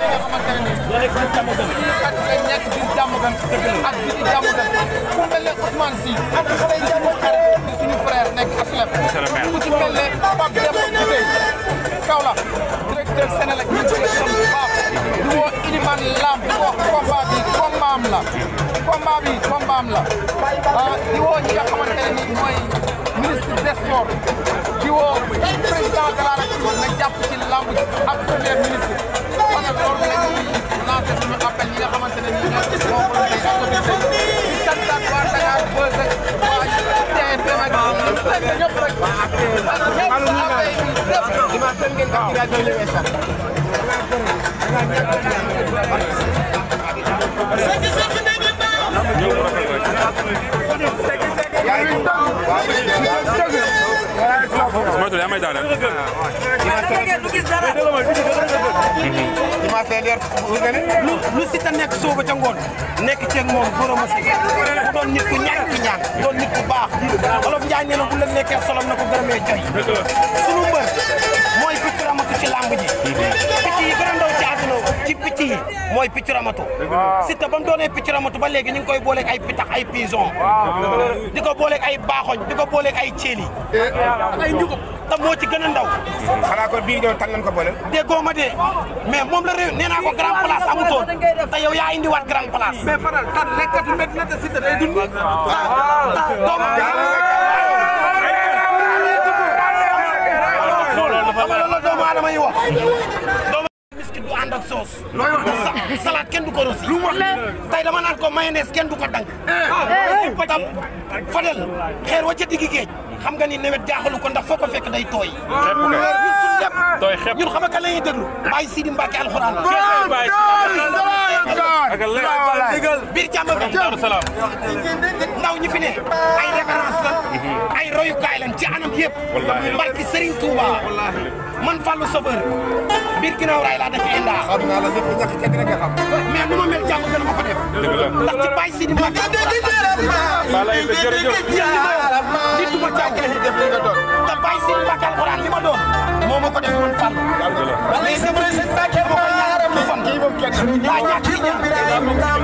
nga xamante ne nii seen jàmm gën nekk biir jàmm ku mel ne Ousmane Sy ak xale yi jàmm xarit di suñu frère nekk aslem ku ci mel ne Pape Demba Guité Kaolack directeur Sénélec ñu ci xam bu baax du woo Ilimane di wax combat bi combat la combat di woo ñi nga xamante mooy ministre des sports di woo président rappel ñi nga xamante ne nii moo ko tey ak commune Seydou di santaat waa Dakar Buzz ak waa TFM ak ñëpp rek ñëpp rek. waaw commencé leer lu nga ne lu lu si ta nekk sooba ca ngoon nekk ceeg moom góoram a si bu doon nit ku ñaan ki ñaan doon nit ku baax olof Njaay nee na bu la nekkee solom na ko gërëmee joy sunu mbër mooy picc ramatu ci làmb ji picc yi mooy picc ramatu Siteu ba mu doonee picc ramatu ba léegi ñu ngi koy booleeg ay pitax ay pison di ko booleeg ay baaxoñ di ko booleeg ay ceeli ay njugub ci gën ndaw xanaa ko bii doon tan nan ko boole dé gooma dee mais moom la réew nee naa ko grand place amutoon te yaa indiwaat grand place mais faral tan bi salade kenn du ko rosi. lu mu wax tey dama naan ko mayonnaise kenn du ko dank. Eh. ah eh. tam Fadel xeer wa ca digg xam nga ni nawet jaaxalu ko ndax foo ko fekk day tooy. xepp kay tooy xepp ñun xam nga kan la ñuy alxuraan la. Baye Sidi Mbacke alxuraan la. biir jàmm bi ndaw ñi fi ci anam yëpp. wallaahi barki Serigne Touba. man Fallou Sauveur. biir ginnaaw raay laa dëkk Enda. xam naa la lépp ñàkk ca rek nga xam. mais nu ma mel jàmm gën ma ko def. ndax ci Baye Sidi ma. balay la jërëjëf. li Touba Thiam def li nga doon. te Baye Sidi Mbacke alxuraan li ma doon. moo ma ko def man Fallou. yàlla na la balay Sidi Mbacke ma koy ñaanal fan. kii moom kenn. daa ñàkk ci ñaar.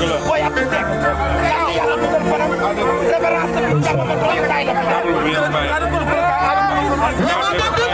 booy ab di teg yàlla yàlla dugal fanam référence bi jàmm ma doyukaay la fi